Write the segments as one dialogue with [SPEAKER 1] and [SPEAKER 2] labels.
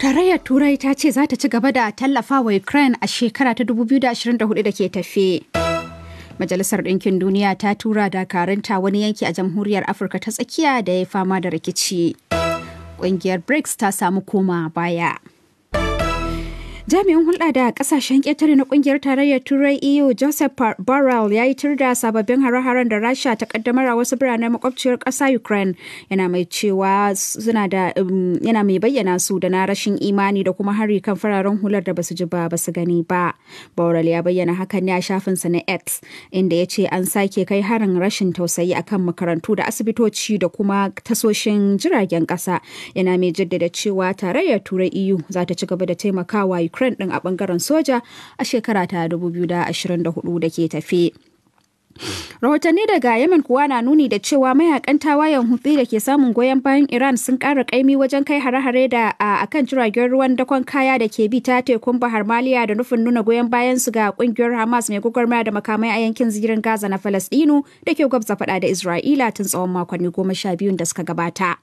[SPEAKER 1] Tarayyar Turai ta ce za ta ci gaba da tallafa wa Ukraine a shekara ta 2024 da ke tafe. Majalisar Ɗinkin Duniya ta tura karanta wani yanki a Jamhuriyar Afirka ta tsakiya da ya fama da rikici. Ƙungiyar BRICS ta samu koma baya. Jami'in hulɗa da ƙasashen ƙetare na ƙungiyar tarayyar Turai EU Joseph Borrell ya yi tur da sababbin hare-haren da Rasha ta kaddamar a wasu biranen makwabciyar ƙasa Ukraine yana mai cewa suna da um, yana mai bayyana su da na rashin imani da kuma hari kan fararen hular da basu ji ba basu gani ba. Borrell ya bayyana hakan ne a shafin sa na X inda ya ce an sake kai harin rashin tausayi akan makarantu da asibitoci da kuma tasoshin jiragen ƙasa yana mai jaddada cewa tarayyar Turai EU za ta ci gaba da taimakawa Ukraine Ukraine ɗin a ɓangaren soja a shekara ta 2024 da ke tafe. rahotanni daga yemen kuwa na nuni da cewa mayakan tawayen hutsi da ke samun goyon bayan iran sun kara kaimi wajen kai hare-hare da a akan jiragen ruwan dakon kaya da ke bi ta tekun bahar maliya da nufin nuna goyon bayan su ga kungiyar hamas mai gwagwarmaya da makamai a yankin zirin gaza na falastinu da ke gwabza fada da isra'ila tun tsawon makonni goma sha biyun da suka gabata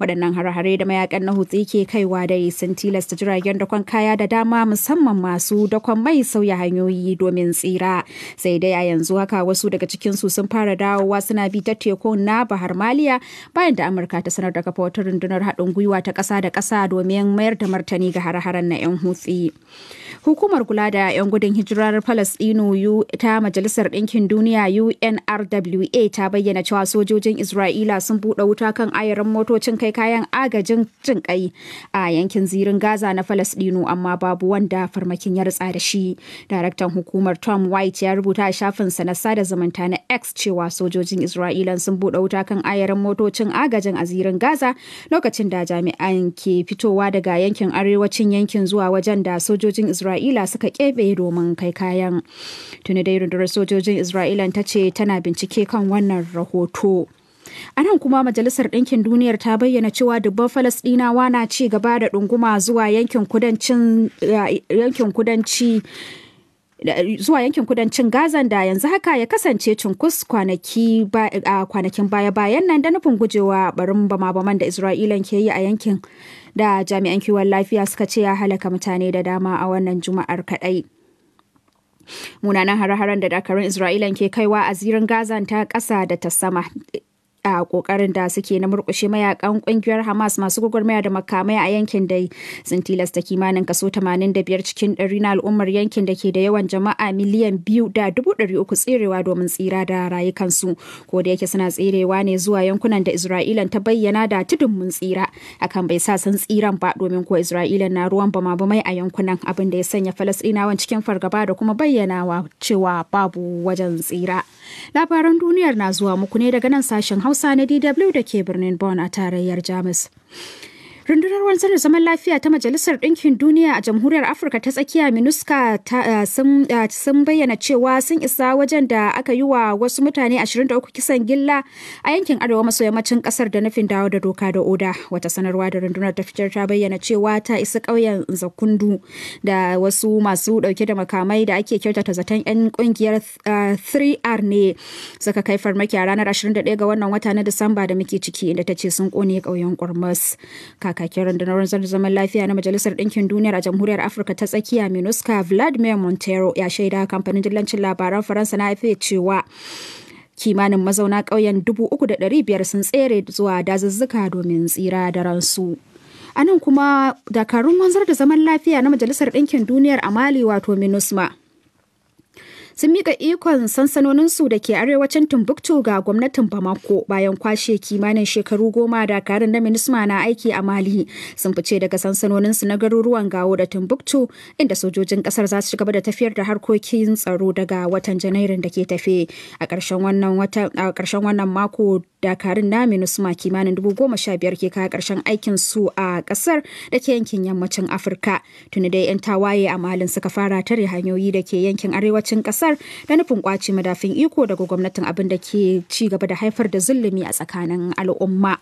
[SPEAKER 1] waɗannan hare da mayakan na hutsi ke kaiwa dai sun tilasta jiragen dakon kaya da dama musamman masu dakon mai sauya hanyoyi domin tsira sai dai a yanzu haka wasu daga cikin su sun fara dawowa suna bi ta tekun na bahar maliya bayan da amurka ta sanar da kafa rundunar haɗin gwiwa ta ƙasa da ƙasa domin mayar da martani ga harharen na 'yan hutsi hukumar kula da 'yan gudun hijirar palestino ta majalisar ɗinkin duniya unrwa ta bayyana cewa sojojin isra'ila sun buɗe wuta kan ayaran motoci lokacin kai kayan agajin jin kai a yankin zirin Gaza na Falasɗinu amma babu wanda farmakin ya rutsa da shi. Daraktan hukumar Tom White ya rubuta a shafinsa na sada zumunta na X cewa sojojin Isra'ila sun buɗe wuta kan ayaran motocin agajin a zirin Gaza lokacin da jami'an ke fitowa daga yankin arewacin yankin zuwa wajen da sojojin Isra'ila suka keɓe domin kai kayan. Tuni dai rundunar sojojin Isra'ila ta ce tana bincike kan wannan rahoto. a nan kuma majalisar ɗinkin duniyar ta bayyana cewa dubban falasɗinawa na ci gaba da ɗunguma zuwa yankin eh, kudanci zuwa yankin kudancin gazan da yanzu haka ya kasance cunkus kwanakin baya-bayan nan da nufin gujewa barin bama-baman da isra'ilan ke yi a yankin da jami'an kiwon lafiya suka ce ya halaka mutane da dama a wannan juma'ar kadai munanan hare-haren da dakarun isra'ilan ke kaiwa a zirin gazan ta ƙasa da ta sama a kokarin da suke na murkushe mayakan kungiyar Hamas masu gwagwarmaya da makamai a yankin da sun tilasta kimanin kaso 85 cikin 100 na al'ummar yankin da ke da yawan jama'a miliyan 2 da 300 tserewa domin tsira da rayukansu ko da yake suna tserewa ne zuwa yankunan da Isra'ila ta bayyana da tudun mun tsira akan bai sa sun tsiran ba domin ko Isra'ila na ruwan bama bamai a yankunan abin da ya sanya Falasɗinawan cikin fargaba da kuma bayyanawa cewa babu wajen tsira labaran duniyar na zuwa muku ne daga nan sashen Hausa Hausa na DW da ke birnin Bon a tarayyar Jamus. Rundunar wanzar da zaman lafiya ta Majalisar Ɗinkin Duniya a Jamhuriyar Afirka ta Tsakiya MINUSCA eh, eh, sun bayyana cewa sun isa wajen da aka yi wa wasu mutane 23 kisan gilla a yankin arewa maso yammacin kasar da nufin dawo da doka da oda. Wata sanarwa da rundunar ta fitar ta bayyana cewa ta isa ƙauyen Zakundu da wasu masu ɗauke da makamai da ake kyautata zaton 'yan ƙungiyar 3R eh, ne suka kai farmaki a ranar 21 ga wannan wata na Disamba da muke ciki inda ta ce sun kone ƙauyen Ƙormas. kakakin rundunar wanzar zaman lafiya na Majalisar Ɗinkin Duniya a Jamhuriyar Afirka ta Tsakiya MINUSCA Vladimir Montero ya shaida kamfanin dillancin labaran Faransa na haife cewa kimanin mazauna ƙauyen biyar sun tsere zuwa dazuzzuka domin tsira da ransu. A nan kuma dakarun wanzar da zaman lafiya na Majalisar Ɗinkin Duniyar a Mali wato MINUSMA sun mika ikon sansanoninsu da ke arewacin Timbuktu ga gwamnatin Bamako bayan kwashe kimanin shekaru goma da karin na Minisma na aiki a Mali sun fice daga sansanoninsu na garuruwan Gawo da Timbuktu inda sojojin kasar za su ci gaba da tafiyar da harkokin tsaro daga watan Janairun da ke tafe a ƙarshen wannan mako dakarun na minusma kimanin dubu goma sha biyar ke kawo ƙarshen aikin su a kasar da ke yankin yammacin afirka tuni dai yan tawaye a malin suka fara tare hanyoyi da ke yankin arewacin kasar da nufin kwace madafin iko daga gwamnatin abin da ke ci gaba da haifar da zulumi a tsakanin al'umma.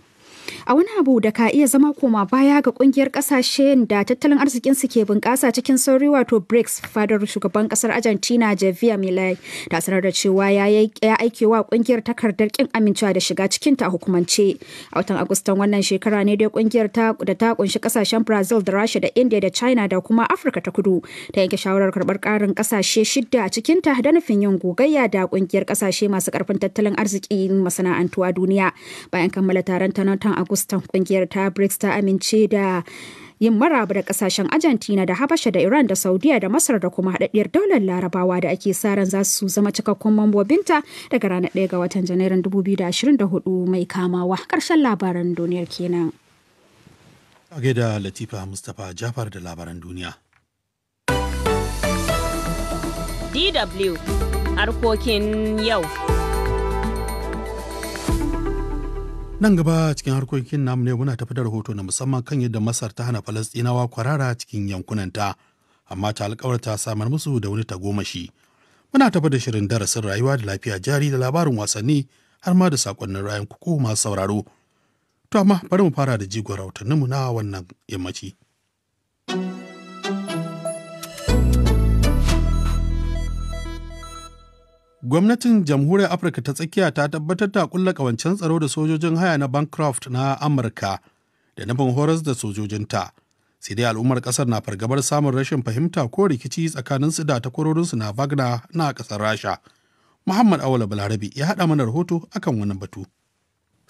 [SPEAKER 1] a wani abu da ka iya zama koma baya ga kungiyar kasashen da tattalin arzikin su ke bunƙasa cikin sauri wato BRICS fadar shugaban kasar Argentina Javier Milei da sanar da cewa ya aike wa kungiyar takardar kin amincewa da shiga cikin ta hukumance a watan Agustan wannan shekara ne dai kungiyar ta da ta kunshi kasashen Brazil da rasha da India da China da kuma Afirka ta Kudu ta yanke shawarar karbar karin kasashe shidda a cikin ta da nufin yin gogayya da kungiyar kasashe masu karfin tattalin arzikin masana'antu a duniya bayan kammala taron ta watan Agustan kungiyar ta BRICS ta amince da yin maraba da kasashen Argentina da Habasha da Iran da Saudiya da Masar da kuma hadaddiyar daular Larabawa da ake sa ran za su zama cikakkun mambobinta daga ranar 1 ga watan Janairun 2024 mai kamawa. karshen labaran duniyar kenan.
[SPEAKER 2] A da Latifa Mustapha Jafar da labaran duniya.
[SPEAKER 1] DW harkokin yau.
[SPEAKER 2] nan gaba cikin harkokin namu ne muna tafi da rahoto na musamman kan yadda masar ta hana falastinawa kwarara cikin yankunanta amma ta alkawarta samar musu da wani tagomashi muna tafi da shirin darasin rayuwa da lafiya jari da labarin wasanni har ma da sakonnin rayan kuku masu sauraro to amma bari mu fara da jigon rahotanninmu na wannan yammaci Gwamnatin Jamhuriyar Afirka ta tsakiya ta tabbatar ta kulla kawancen tsaro da sojojin haya na Bancroft na Amurka da nufin horas da sojojinta. Sai dai al'ummar ƙasar na fargabar samun rashin fahimta ko rikici tsakanin su da takwarorinsu na
[SPEAKER 3] Wagner na kasar Rasha. Muhammad Awala Balarabi ya haɗa mana rahoto akan wannan batu.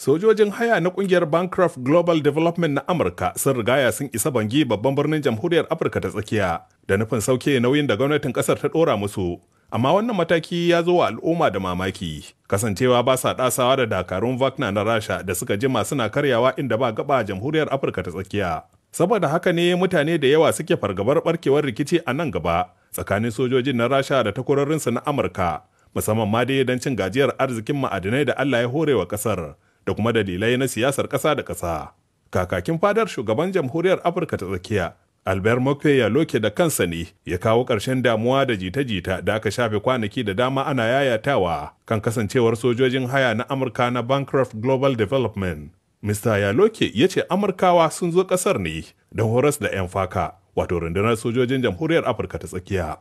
[SPEAKER 3] Sojojin haya na kungiyar Bancroft Global Development na Amurka sun rigaya sun isa Bangi babban birnin jamhuriyar Afirka ta tsakiya da nufin sauke nauyin da gwamnatin ƙasar ta ɗora musu. amma wannan mataki ya zo wa al'umma da mamaki kasancewa ba sa ɗasawa da dakarun vakna na rasha da suka jima suna karyawa inda ba gaba jamhuriyar afirka ta tsakiya saboda haka ne mutane da yawa suke fargabar barkewar rikici a nan gaba tsakanin sojojin na rasha da takwarorinsu na amurka musamman ma dai don cin gajiyar arzikin ma'adinai da allah ya hore wa kasar da kuma dalilai na siyasar kasa da kasa. kakakin fadar shugaban jamhuriyar afirka ta tsakiya albert mokwe ya loke da kansa ne ya kawo ƙarshen damuwa da jita-jita da aka shafe kwanaki da dama ana yayatawa kan kasancewar sojojin haya na amurka na bancroft global development mr yaloke ya ce amurkawa sun zo ƙasar ne don horas da 'yan faka wato rundunar sojojin jamhuriyar afirka ta tsakiya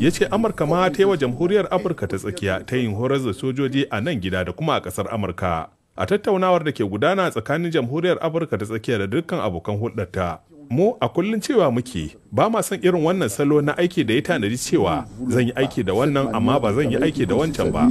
[SPEAKER 3] ya ce amurka ma ta yi wa jamhuriyar afirka ta tsakiya ta yin horas da sojoji a nan gida da kuma a ƙasar amurka a tattaunawar da ke gudana tsakanin jamhuriyar Afirka ta tsakiya da dukkan abokan hulɗarta. mu a kullum cewa muke ba ma son irin wannan salo na aiki da ya tanadi cewa zan yi aiki da wannan amma ba zan yi aiki da wancan ba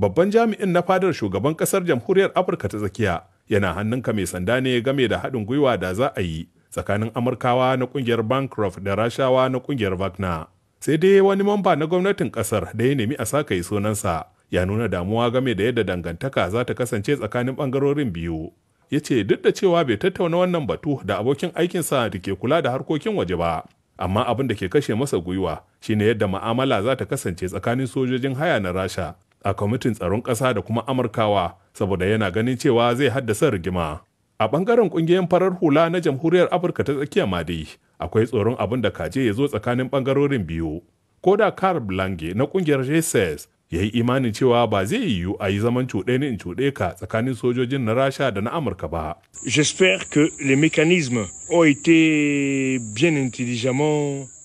[SPEAKER 3] babban jami'in na fadar shugaban kasar jamhuriyar afirka ta tsakiya yana hannunka mai sanda ne game da haɗin gwiwa da za a yi tsakanin amurkawa na kungiyar bancroft da rashawa na kungiyar wagner sai dai wani mamba na gwamnatin kasar da ya nemi a saka yi sunansa ya nuna damuwa game da yadda dangantaka za ta kasance tsakanin bangarorin biyu ya ce duk da cewa bai tattauna wannan batu da abokin aikinsa da ke kula da harkokin waje ba amma abin da ke kashe masa gwiwa shine yadda ma'amala za ta kasance tsakanin sojojin haya na rasha a kwamitin tsaron ƙasa da kuma amurkawa saboda yana ganin cewa zai haddasa rigima a ɓangaren ƙungiyar farar hula na jamhuriyar afirka ta tsakiya madi akwai tsoron abin da kaje ya zo tsakanin bangarorin biyu ko da kar blange na kungiyar jesus ya yi imanin cewa ba zai yiwu a yi zaman cuɗe ni in cuɗe ka tsakanin sojojin na rasha da na amurka ba j'espère que les mécanismes ont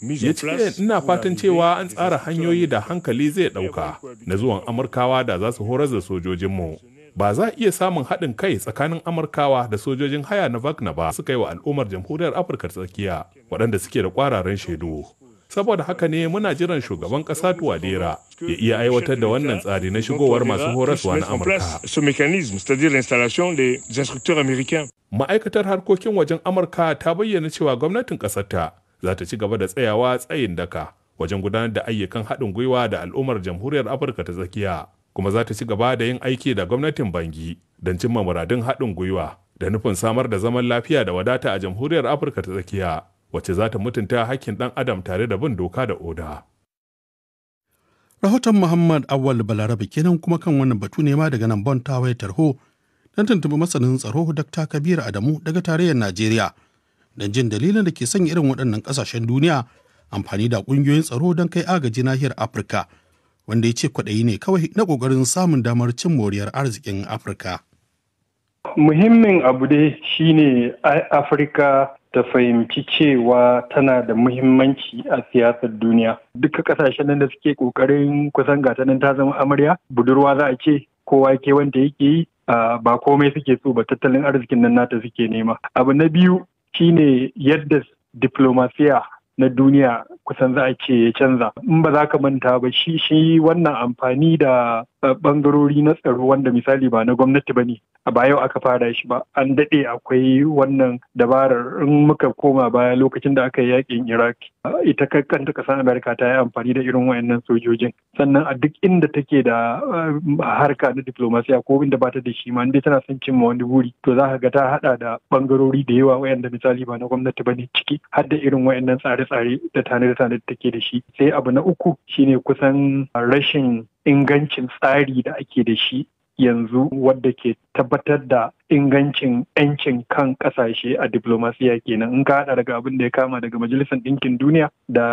[SPEAKER 3] ya ce ina fatan cewa an tsara hanyoyi da hankali zai ɗauka na zuwan amurkawa da za su horar da sojojinmu ba za a iya samun haɗin kai tsakanin amurkawa da sojojin haya na wagner ba suka yi wa al'ummar jamhuriyar afirka tsakiya waɗanda suke da ƙwararen shaidu saboda haka ne muna jiran shugaban ƙasa tuwadera ya iya aiwatar da wannan tsari na shigowar masu horaswa na amurka ma'aikatar harkokin wajen amurka ta bayyana cewa gwamnatin ƙasarta za ta ci gaba da tsayawa tsayin daka wajen gudanar da ayyukan haɗin gwiwa da al'ummar jamhuriyar afirka ta tsakiya kuma za ta ci gaba da yin aiki da gwamnatin bangi don cimma muradun haɗin gwiwa da nufin samar da zaman lafiya da wadata a jamhuriyar afirka ta tsakiya wacce za ta mutunta hakkin ɗan adam tare da bin doka da oda
[SPEAKER 2] rahoton muhammad awal balarabe kenan kuma kan wannan batu ne ma daga nan bon tawayar tarho don tuntuɓi masanin tsaro dr kabir adamu daga tarayyar najeriya don jin dalilin da ke sanya irin waɗannan ƙasashen duniya amfani da ƙungiyoyin tsaro don kai agaji nahiyar afirka wanda ya ce kwaɗayi ne kawai na ƙoƙarin samun damar cin moriyar arzikin afirka
[SPEAKER 4] muhimmin abu dai shine afirka ta fahimci cewa tana da muhimmanci a siyasar duniya duka ƙasashen nan da suke kokarin kusan gata nan ta zama amarya budurwa za a ce kowa ke wanda yake yi ba komai suke so ba tattalin arzikin nan nata suke nema abu na biyu shine yadda diplomasiya na duniya kusan za a ce ya canza in ba za ka manta ba shi shi wannan amfani da bangarori na tsaro wanda misali ba na gwamnati ba ne ba yau aka fara shi ba an daɗe akwai wannan dabarar in muka koma baya lokacin da aka yi yaƙin iraq ita kanta ƙasar amerika ta yi amfani da irin wayannan sojojin sannan a duk inda take da um, harka na diplomasiya ko inda ba ta da shi ma dai tana son cimma wani buri to za ka ga ta haɗa da ɓangarori da yawa wayanda misali ba na gwamnati ba ne ciki har da irin wayannan tsare-tsare da tare da da take da shi sai abu na uku shine kusan rashin ingancin tsari da ake da shi yanzu wadda ke tabbatar da ingancin 'yancin kan kasashe a diplomasiya kenan in ka hada daga abin da ya kama daga majalisar ɗinkin duniya da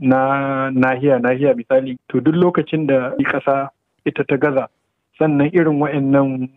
[SPEAKER 4] na nahiya nahiya misali to duk lokacin da ƙasa ita ta gaza sannan irin wa'annan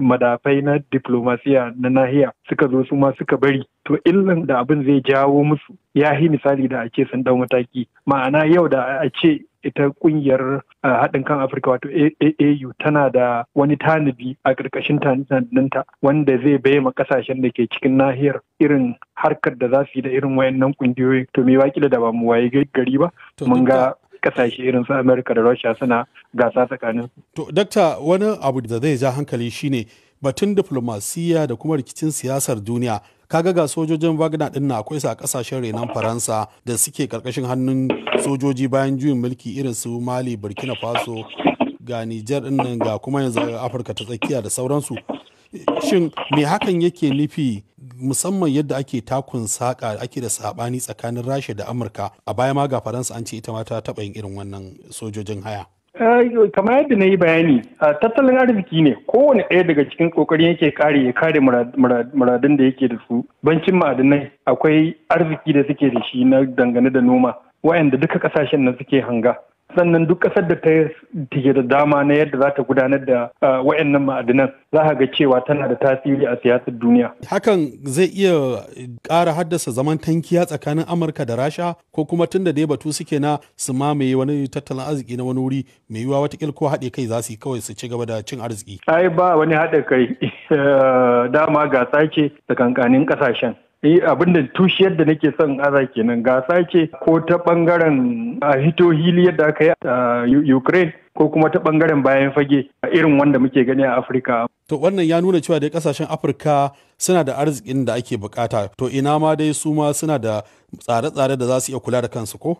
[SPEAKER 4] madafai na diplomasiya na nahiya suka zo su ma suka bari to illan da abin zai jawo musu ya yi misali da a ce sun dau mataki ma'ana yau da a ce ita kungiyar ah, haɗin kan Afirka wato AAU tana da wani tanadi a ƙarƙashin tanadinta wanda zai bayyana ƙasashen da ke cikin nahiyar irin harkar da za su yi da irin wayannan ƙungiyoyi to me wakila da ba mu waye gari ba mun ga kasashe irin su Amerika da Russia suna gasa tsakanin To,
[SPEAKER 2] dakta wani abu da zai ja hankali shine batun diplomasiya da kuma rikicin siyasar duniya kaga ga sojojin wagner din na akwai su a kasashen renon faransa da suke karkashin hannun sojoji bayan juyin mulki irin su mali burkina faso ga niger din nan ga kuma yanzu afirka ta tsakiya da sauransu shin me hakan yake nufi musamman yadda ake takun saƙa ake da sabani tsakanin rasha da amurka a baya ma ga faransa an ce ita ma ta taɓa yin irin wannan sojojin haya
[SPEAKER 4] Eh, kamar yadda na yi bayani eh, tattalin arziki ne kowane ɗaya daga cikin ƙoƙarin yake kare ya kare muradun da yake da su bancin ma'adinai akwai arziki da suke da shi na dangane da noma wayanda duka ƙasashen nan suke hanga sannan duk ƙasar da ta yi da dama na yadda za ta gudanar da wa'annan ma'adinan za a ga cewa tana da tasiri a siyasar duniya. Hakan
[SPEAKER 2] zai iya kara haddasa zaman tankiya tsakanin Amurka da Rasha ko kuma tun da dai batu suke na su mamaye wani tattalin arziki na wani wuri mai yiwuwa wata ko haɗe kai za su yi kawai su
[SPEAKER 4] ci gaba da cin arziki. Ai ba wani haɗa kai dama gasa ce tsakankanin ƙasashen. Eh, abin da tushiyar da nake son aza kenan gasa ce ko ta bangaren hito hili yadda aka yi a ukraine ko kuma ta bangaren bayan fage a irin wanda muke gani a afirka
[SPEAKER 2] to wannan ya nuna cewa dai kasashen afirka suna da arzikin da ake bukata to ina ma dai su ma suna da tsare-tsare da za su iya kula da kansu ko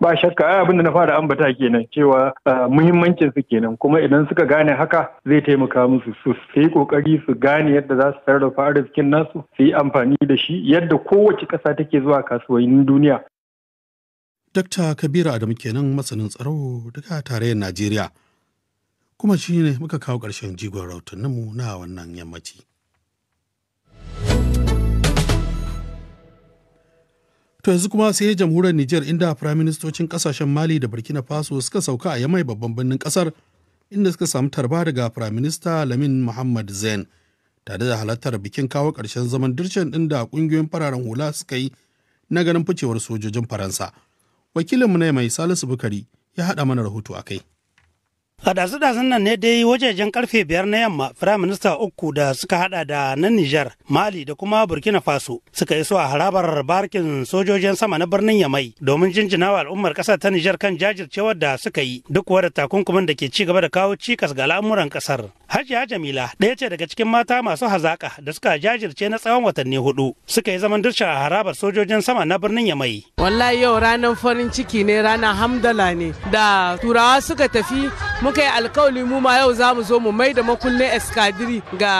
[SPEAKER 4] ba shakka ai abin da na fara ambata kenan cewa ah, muhimmancin su kenan kuma idan suka gane haka zai taimaka musu su yi kokari su gane yadda za su sarrafa arzikin nasu su yi amfani da shi yadda kowace ƙasa take zuwa kasuwannin duniya
[SPEAKER 2] Dr. Kabiru Adamu kenan masanin tsaro daga tarayyar Najeriya. Kuma shi ne muka kawo ƙarshen jigon rahotanninmu na wannan yammaci. To yanzu kuma sai jamhuriyar Nijar inda firaministocin kasashen Mali da Burkina Faso suka sauka a yamai babban birnin kasar inda suka samu tarba daga firaminista Lamin Muhammad Zain tare da halartar bikin kawo ƙarshen zaman dirshan din da ƙungiyoyin fararen hula suka yi na ganin ficewar sojojin Faransa.
[SPEAKER 5] Wakilinmu ne mai Salisu Bukari ya haɗa mana rahoto a kai. A dazu-dazun nan ne dai wajejen karfe biyar na yamma firaminista uku da suka hada da na Nijar, Mali da kuma Burkina Faso suka iso a harabar barkin sojojin sama na birnin Yamai domin jinjina wa al'ummar kasar ta Nijar kan jajircewar da suka yi duk wadda takunkumin da ke ci gaba da kawo cikas ga al'amuran kasar. Hajiya Jamila ɗaya ce daga cikin mata masu hazaka da suka jajirce na tsawon watanni hudu suka yi zaman dirsha a harabar sojojin sama na birnin Yamai. Wallahi yau ranar farin ciki ne ranar hamdala ne da turawa suka tafi muka yi alkawali mu ma yau za mu zo mu mai da makullin eskadiri ga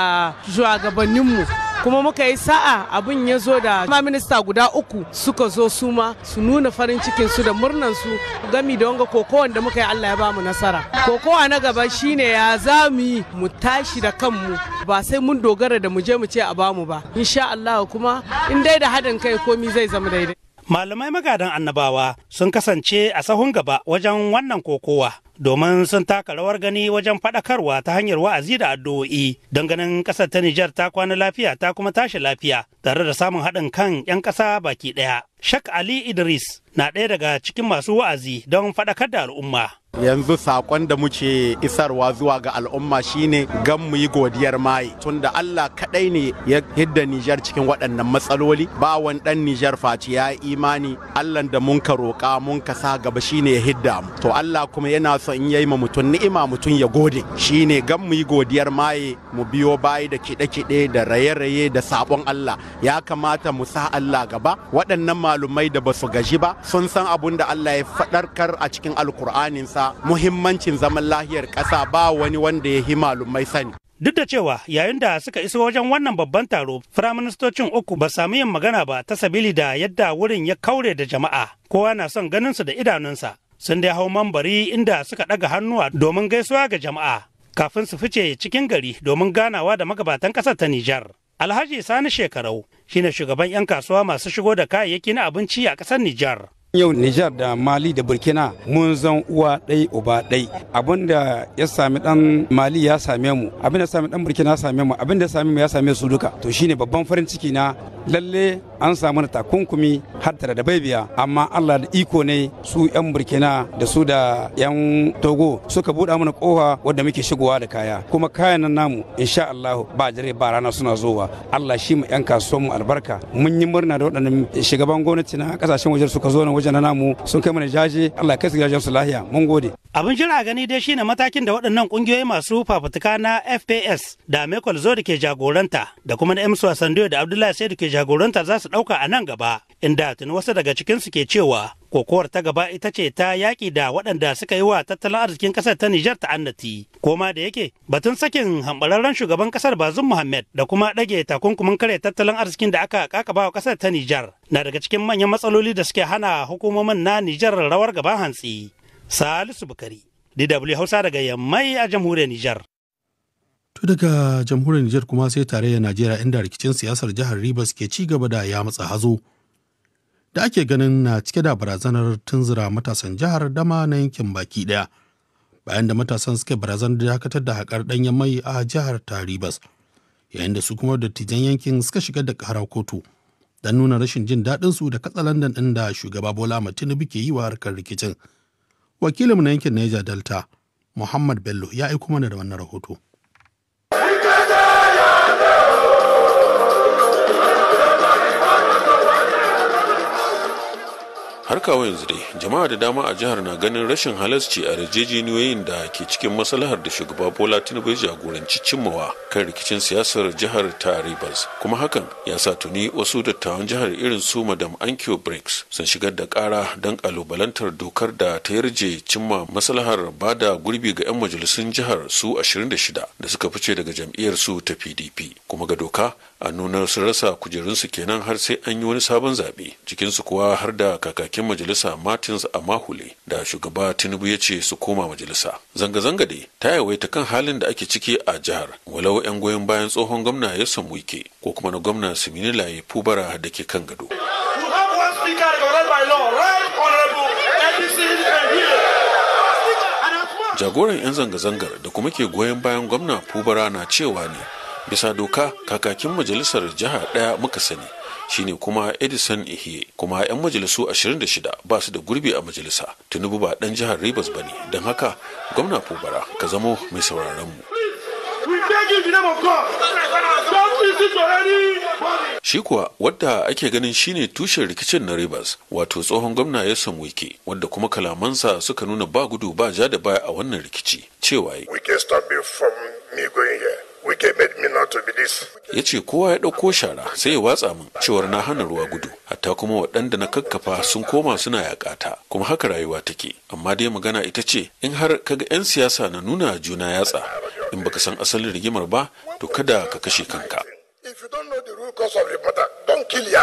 [SPEAKER 5] shugabanninmu kuma muka yi sa'a abin ya zo da ma minista guda uku suka zo su ma su nuna farin cikin su da murnan su gami da wanga kokowan da muka yi Allah ya ba mu nasara kokowa na gaba shine ya za mu yi mu tashi da kanmu ba sai mun dogara da mu je mu ce a ba mu ba insha Allah kuma in dai da haɗin kai komi zai zama daidai malamai magadan annabawa sun kasance a sahun gaba wajen wannan kokowa domin sun taka rawar gani wajen faɗakarwa ta hanyar wa'azi da addu'o'i don ganin ƙasar ta Nijar ta kwana lafiya ta kuma tashi lafiya tare da samun haɗin kan 'yan ƙasa baki ɗaya. Shak Ali Idris na ɗaya daga cikin masu wa'azi don faɗakar da al'umma.
[SPEAKER 2] yanzu sakon da muke isarwa zuwa ga al'umma shine gan mu yi godiyar maye tunda Allah kaɗai ne ya hidda Nijar cikin waɗannan matsaloli ba wani dan Nijar face ya yi imani Allah da mun ka roƙa mun ka sa gaba shine ya hidda mu to Allah kuma yana so in yayi ma mutum ni'ima mutum ya gode shine gan mu yi godiyar maye mu biyo bayi da kiɗe-kiɗe da raye-raye da sabon Allah ya kamata mu sa Allah gaba waɗannan malumai da basu gaji ba sun san abun da Allah
[SPEAKER 5] ya faɗarkar a cikin alkur'anin sa. muhimmancin zaman lahiyar ƙasa ba wani wanda ya yi malumai sani. Duk da cewa yayin da suka iso wajen wannan babban taro, firaministocin uku ba sami yin magana ba ta sabili da yadda wurin ya kaure da jama'a, kowa na son ganin su da idanunsa. Sun dai hau mambari inda suka ɗaga hannuwa domin gaisuwa ga jama'a, kafin su fice cikin gari domin ganawa da magabatan ƙasar ta Nijar. Alhaji Sani Shekarau shine shugaban 'yan kasuwa masu shigo da kayayyaki na abinci a ƙasar Nijar. yau Nijar da Mali da Burkina mun zan uwa ɗai uba ɗai abin da ya sami ɗan Mali ya same mu abin da sami ɗan Burkina ya same mu abin da sami mu ya same su duka to shine babban farin ciki na lalle an samu na takunkumi har tare da baibiya amma Allah da iko ne su yan Burkina da su da yan Togo suka buɗa mana kofa wadda muke shigowa da kaya kuma kayan nan namu insha Allah ba jare ba rana suna zowa Allah shi mu yan kasuwan mu albarka mun yi murna da waɗannan shugaban gwamnati na kasashen waje suka zo na waje. jaje na namu sun kai mana jaje Allah kai su gidajen su lahiya mun gode abin jira gani dai shine matakin da waɗannan kungiyoyi masu fafutuka na FPS da Michael Zodi ke jagoranta da kuma na Emsu Sandiyo da Abdullahi Saidu ke jagoranta za su ɗauka a nan gaba inda tuni wasu daga cikin su ke cewa kokowar ta gaba ita ce ta yaƙi da waɗanda suka yi wa tattalin arzikin ƙasar ta Nijar ta'annati. Koma da yake batun sakin hambararren shugaban ƙasar Bazum Muhammad da kuma ɗage takunkumin kare tattalin arzikin da aka kakaba wa ƙasar ta Nijar na daga cikin manyan matsaloli da suke hana hukumomin na Nijar rawar gaban hantsi. Salisu Bukari, DW Hausa daga Yammai a jamhuriyar Nijar.
[SPEAKER 2] To daga jamhuriyar Nijar kuma sai tare tarayyar Najeriya inda rikicin siyasar jihar Rivers ke ci gaba da ya matsa hazo. da ake ganin na cike da barazanar tunzura matasan jihar dama na yankin baki daya bayan da matasan suke barazanar dakatar da haƙar ɗanyen mai a jihar taribas yayin da su kuma dattijan yankin suka shiga da ƙara kotu don nuna rashin jin daɗin su da katsalandan ɗin da shugaba bola ahmad ke yi wa harkar rikicin wakilinmu na yankin niger delta muhammad bello ya aiko mana da wannan rahoto
[SPEAKER 6] har kawo yanzu dai jama'a da dama a jihar na ganin rashin halarci a yarjejeniyoyin da ke cikin maslahar da shugaba bola tinubu ya jagoranci cimmawa kan rikicin siyasar jihar ta rivers kuma hakan ya sa tuni wasu dattawan jihar irin su madam ankyo briggs sun shigar da kara don kalubalantar dokar da ta yarje cimma maslahar ba da gurbi ga 'yan majalisun jihar su 26 da suka fice daga jam'iyyar su ta pdp kuma ga doka a nuna sun rasa kujerunsu kenan har sai an yi wani sabon zaɓe cikinsu kuwa har da kakakin majalisa martins a mahule da shugaba tinubu ya ce su koma majalisa zanga-zanga dai ta yawaita kan halin da ake ciki a jihar walau 'yan goyon bayan tsohon gwamna ya samu wike ko kuma na gwamna simini laye fubara da ke kan gado jagoran 'yan zanga-zangar da kuma ke goyon bayan gwamna fubara na cewa ne bisa doka kakakin majalisar jiha daya muka sani shine kuma edison ihe kuma 'yan majalisu 26 ba su da gurbi a majalisa tinubu ba dan jihar rivers ba ne don haka gwamna fubara ka zamo mai sauraron mu Shi kuwa wadda ake ganin shine tushen rikicin na Rivers wato tsohon gwamna ya san wike wadda kuma kalamansa suka nuna ba gudu ba ja da baya a wannan rikici cewa ya ce kowa ya ɗauko shara sai ya watsa min cewar na hana ruwa gudu hatta kuma waɗanda na kakkafa sun koma suna yaƙata kuma haka rayuwa take amma dai magana ita ce in har kaga 'yan siyasa na nuna juna yatsa in baka san asalin rigimar ba to kada ka kashe kanka If you
[SPEAKER 3] don't know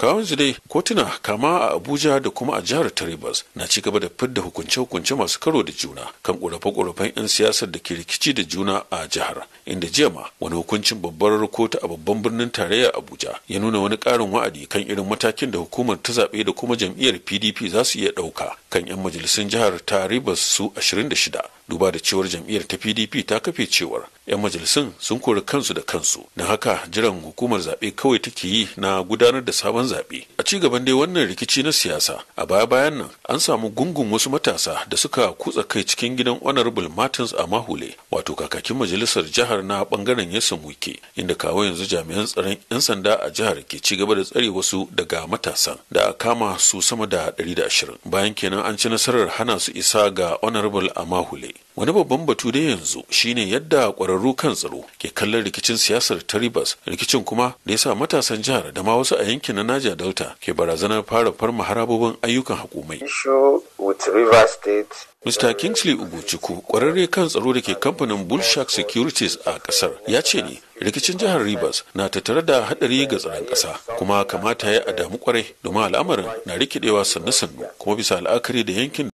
[SPEAKER 6] kawun dai kotuna kama a abuja da kuma a jihar taribas na ci gaba da fidda hukunce-hukunce masu karo da juna kan ƙorafe-ƙorafen 'yan siyasar da ke rikici da juna a jihar inda jiya ma wani hukuncin babbar kotu a babban birnin tarayya abuja ya nuna wani ƙarin wa'adi kan irin matakin da hukumar ta zaɓe da kuma jam'iyyar pdp za su iya ɗauka kan 'yan majalisun jihar taribas ashirin su 26 duba da cewar jam'iyyar ta pdp ta kafe cewar 'yan majalisun sun kori kansu da kansu na haka jiran hukumar zaɓe kawai take yi na gudanar da sabon zaɓe a ci gaban dai wannan rikici na siyasa a baya bayan nan an samu gungun wasu matasa da suka kutsa kai cikin gidan honorable martins a mahule wato kakakin majalisar jihar na bangaren yasa muke inda kawo yanzu jami'an tsaron 'yan sanda a jihar ke ci gaba da tsare wasu daga matasan da a kama su sama da 120 bayan kenan an ci nasarar hana su isa ga honorable a mahule wani babban batu da yanzu shine yadda kwararru kan tsaro ke kallon rikicin siyasar ta ribas rikicin kuma da sa matasan jihar da ma wasu a yankin na naja delta ke barazanar fara farma harabobin ayyukan hukumai Mr. Kingsley Ubuchukwu, kwararre kan tsaro da ke kamfanin Bullshark Securities a kasar, ya ce ne rikicin jihar Rivers na tattare da hadari ga tsaron kasa, kuma kamata ya adamu kwarai domin al'amarin na rikidewa sannu-sannu kuma bisa la'akari da yankin